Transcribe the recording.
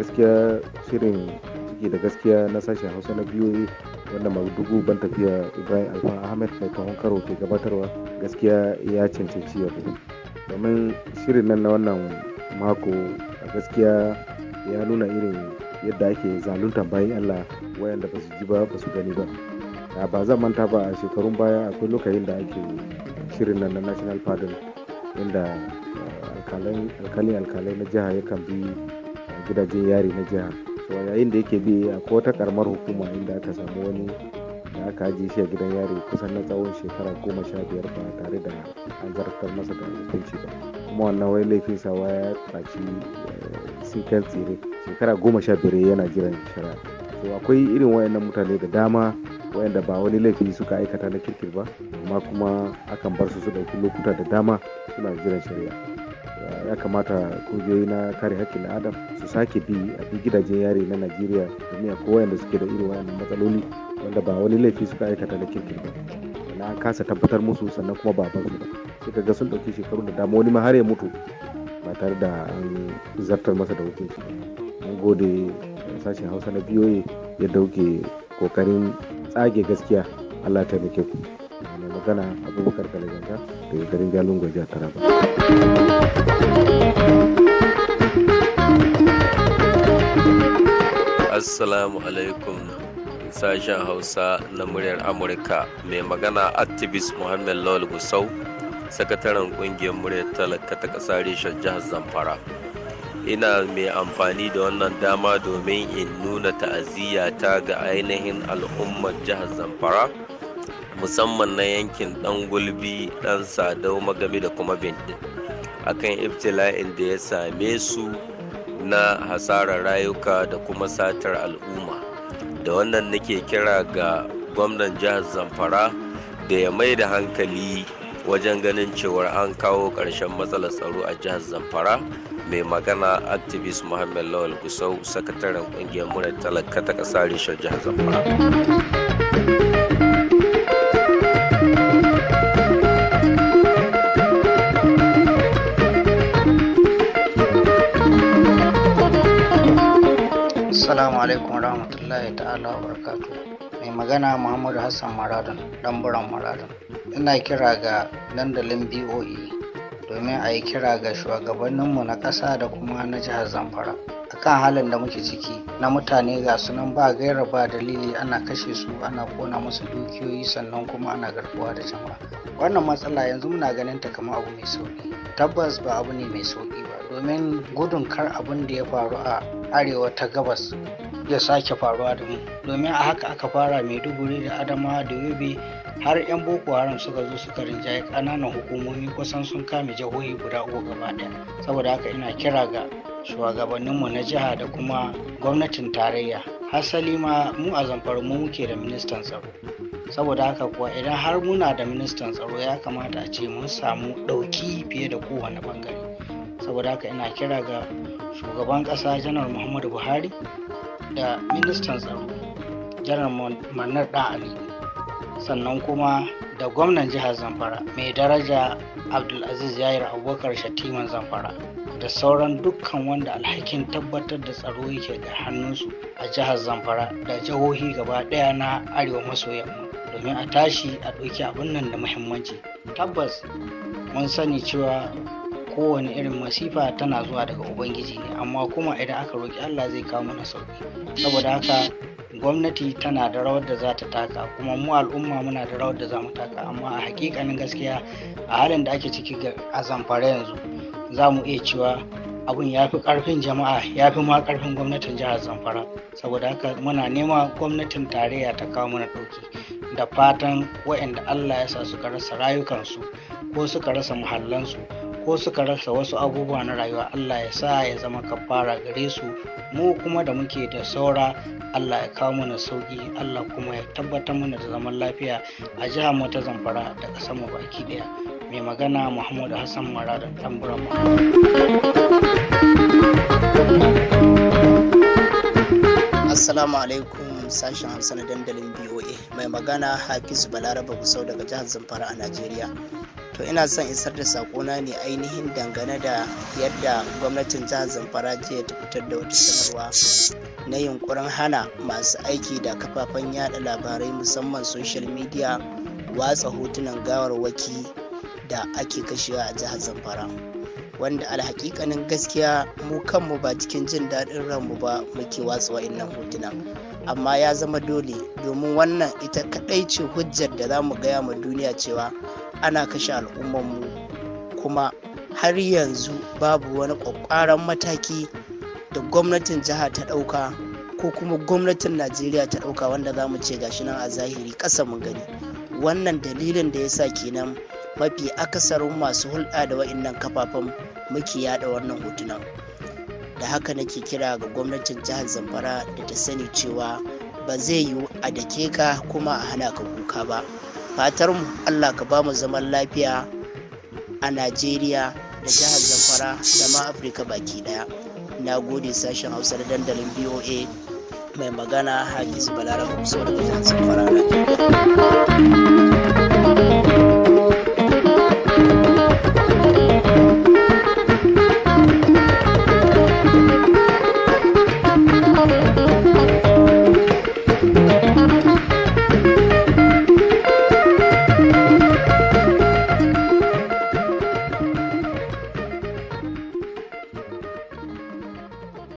gaskiya shirin ciki da gaskiya na sashen hausa na biyu wanda madugu ban tafiya ibrahim alfa ahmed mai kawon karo ke gabatarwa gaskiya ya cancanci yabo domin shirin nan na wannan mako a gaskiya ya nuna irin yadda ake zaluntar bayan allah wayanda ba su ji ba ba su gani ba ah, ba zan manta ba a shekarun baya akwai lokacin da ake shirin nan na national pardon inda ah, alkalin alkalai na jiha ya kan bi ah, gidajen yari na jiha so yayin da yake bi akwai wata karamar hukuma inda aka samu wani da aka ajiye shi a gidan yari kusan na tsawon shekara goma sha biyar ba tare da an zartar masa da hukunci ba kuma wannan wai laifin sa ya faci sun kan tsere shekara goma sha biyar yana jiran shari'a to akwai irin wayannan mutane da dama wayanda ba wani laifi suka aikata na kirkir ba amma kuma akan bar su su ɗauki lokuta da dama suna jiran shari'a eh, ya kamata ƙungiyoyi na kare haƙƙin adam su sake bi a bi gidajen yare na najeriya domin akwai wayanda suke da irin wayannan matsaloli wanda ba wani laifi suka aikata na kirkir ba na kasa tabbatar musu sannan kuma ba ba su ba suka ga sun ɗauki shekaru da dama wani ma har ya mutu ba tare da an zartar masa da hukunci mun gode sashen hausa na biyoyi ya dauke kokarin tsage gaskiya allah nake ku mai magana abubakar kalaganta daga garin galungo jihar taraba assalamu alaikum sashen hausa na muryar amurka mai magana activist muhammad lawal gusau sakataren kungiyar muryar talaka ta ƙasa reshen jihar zamfara ina mai amfani da wannan dama domin in nuna ta'aziyya ta ga ainihin al'ummar jihar zamfara musamman na yankin dan gulbi dan sadau magami da kuma bindin akan iftila'in da ya same su na hasarar rayuka da kuma satar al'umma da wannan nake kira ga gwamnan jihar zamfara da ya mai da hankali wajen ganin cewar an kawo ƙarshen matsalar tsaro a jihar zamfara mai magana activist muhammad lawal gusau sakataren ƙungiyar murar talaka ta ƙasa reshen jihar zamfara Assalamu alaikum warahmatullahi ta'ala wa barakatuh. mai magana muhammadu hassan maradon dan buran maradon ina kira ga dandalin boe domin a yi kira ga shugabanninmu na ƙasa da kuma na jihar zamfara A kan halin da muke ciki na mutane ga sunan ba gaira ba dalili ana kashe su ana kona musu dukiyoyi sannan kuma ana garkuwa da jama'a wannan matsala yanzu muna ganin ta kamar abu mai sauki tabbas ba abu ne mai sauƙi ba domin gudun kar abin da ya faru a arewa ta gabas ya sake faruwa da mu domin a haka aka fara maiduguri da adama da yobe har 'yan boko haram suka zo suka rinjaye ƙananan hukumomi kusan sun kame jihohi guda uku gaba ɗaya saboda haka ina kira ga shugabanninmu na jiha da kuma gwamnatin tarayya hasali ma mu a zamfara mu muke da ministan tsaro saboda haka kuwa idan har muna da ministan tsaro ya kamata a ce mun samu ɗauki fiye da kowane bangare saboda haka ina kira ga shugaban ƙasa janar muhammadu buhari da ministan tsaro janar manar da'ali sannan kuma da gwamnan jihar zamfara mai daraja abdulaziz yayar abubakar shatiman zamfara da sauran dukkan wanda alhakin tabbatar da tsaro yake da hannunsu a jihar zamfara da jihohi gaba daya na arewa maso yamma domin a tashi a ɗauki abin nan da muhimmanci tabbas mun sani cewa kowane irin masifa tana zuwa daga ubangiji ne amma kuma idan aka roƙi allah zai kawo mana sauki saboda haka gwamnati tana da rawar da za ta taka kuma mu al'umma muna da rawar da za mu taka amma a hakikanin gaskiya a halin da ake ciki a zamfara yanzu za mu iya cewa abun ya fi karfin jama'a ya fi ma karfin gwamnatin jihar zamfara saboda haka muna nema gwamnatin tarayya ta kawo mana ɗauki da fatan waɗanda allah ya sa suka rasa rayukansu ko suka rasa muhallansu ko suka rasa wasu abubuwa na rayuwa Allah ya sa ya zama kafara gare su mu kuma da muke da saura Allah ya kawo mana sauki Allah kuma ya tabbatar mana da zaman lafiya a jihar mu ta Zamfara da ƙasar mu baki daya mai magana Muhammadu Hassan da Tamburan Assalamu alaikum sashen Hausa na dandalin BOA mai magana Hafizu Balaraba Gusau daga jihar Zamfara a Najeriya. to ina son isar da sakona ne ainihin dangane da yadda gwamnatin jihar zamfara jiya ta fitar da wata sanarwa na yunkurin hana masu aiki da kafafen yada labarai musamman social media watsa hotunan gawarwaki da ake kashewa a jihar zamfara wanda alhakikanin gaskiya mu kanmu ba cikin jin daɗin ranmu ba muke watsa wa'innan hotuna amma ya zama dole domin wannan ita kaɗai ce hujjar da za mu gaya ma duniya cewa ana kashe al'ummanmu kuma har yanzu babu wani ƙwaƙƙwaran mataki da gwamnatin jiha ta ɗauka ko kuma gwamnatin najeriya ta ɗauka wanda za mu ce gashi nan a zahiri ƙasa mun gani wannan dalilin da ya sa kenan mafi akasarin masu hulɗa da waɗannan kafafen muke yada wannan hotunan da haka nake kira ga gwamnatin jihar zamfara da ta sani cewa ba zai yi a dake ka kuma a hana ka kuka ba fatar mu allah ka bamu zaman lafiya a najeriya da jihar zamfara da ma afirka baki daya na gode sashen hausa da dandalin boa mai magana hafizu balarabe so daga jihar zamfara